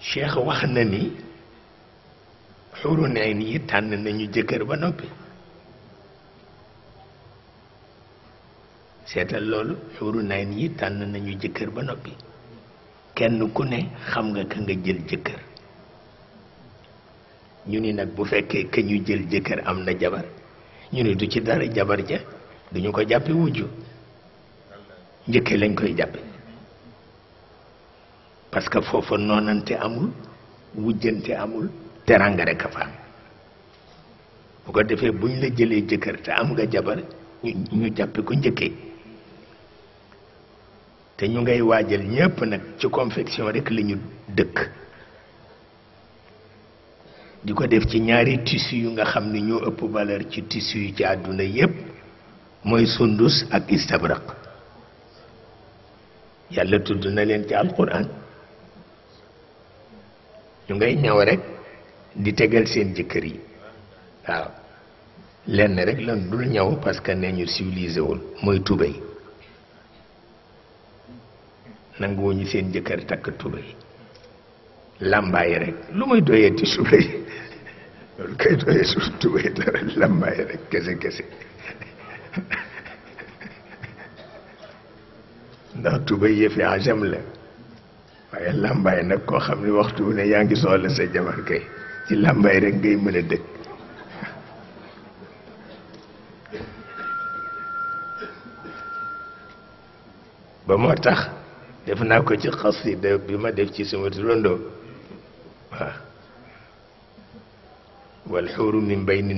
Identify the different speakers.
Speaker 1: cheikh wax na ni xuru neen yi tànn nañu jëkkër ba noppi seetal loolu xuru neen yi tànn nañu jëkkër ba noppi kenn ku ne xam nga ka nga jël jëkkër ñu ni nag bu fekkee ka ñu jël jëkkër am na jabar ñu ni du ci dara jabar ja duñu ko jàppe wujju njëkkee lañ koy jàppe parce que foofa noonante amul wujjante amul teranga rek a fa am bu ko defee buñ la jëlee jëkkër te am nga jabar ñu jàppe ko njëkkee te ñu ngay waajal ñépp nag ci confection rek la ñu dëkk di ko def ci ñaari tissu yu nga xam ni ñoo ëpp valeur ci tissu yu ci àdduna yépp mooy sundus ak istabraq yàlla tudd na leen ci alquran ñu ngay ñëw rek di tegal seen jëkkër yi waaw lenn rek lan dul ñëw parce que nee ñu civilisé wul mooy tubéy nanguwuñu seen jëkkër takk tubéy làmbaay rek lu muy doyee ci tubéy loolu kay doyee su tubéy dara làmbaay rek kese kese ndax tubéy yëfi agem la waaye làmbaay nag koo xam ne waxtu wu ne yaa ngi soxla sa jabar kay ci làmbaay rek ngay mën a dëkk ba moo tax def naa ko ci xasida bi ma def ci sama turandoo waaw wal xuuru min bayni